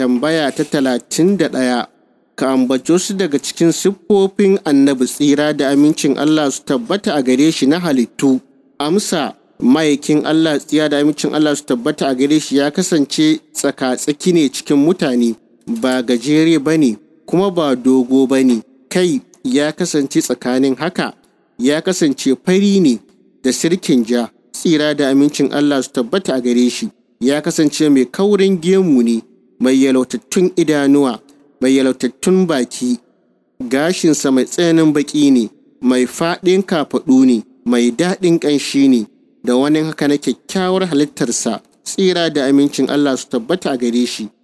Tambaya ta talatin da ɗaya Ka ambaci su daga cikin siffofin annabi tsira da amincin Allah su tabbata a gare shi na halittu. Amsa ma'aikin Allah tsira da amincin Allah su tabbata a gare shi ya kasance tsaka-tsaki ne cikin mutane, ba gajere ba ne, kuma ba dogo ba ne. Kai ya kasance tsakanin haka, ya kasance fari ne da sirkin ja, tsira da amincin Allah su tabbata a gare shi. Ya kasance mai kaurin gemu ne, mai yalautattun idanuwa mai yalautattun baki gashinsa mai tsananin baki ne mai faɗin kafaɗu ne mai daɗin ƙanshi ne da wani haka na kyakkyawar halittarsa tsira da amincin Allah su tabbata gare shi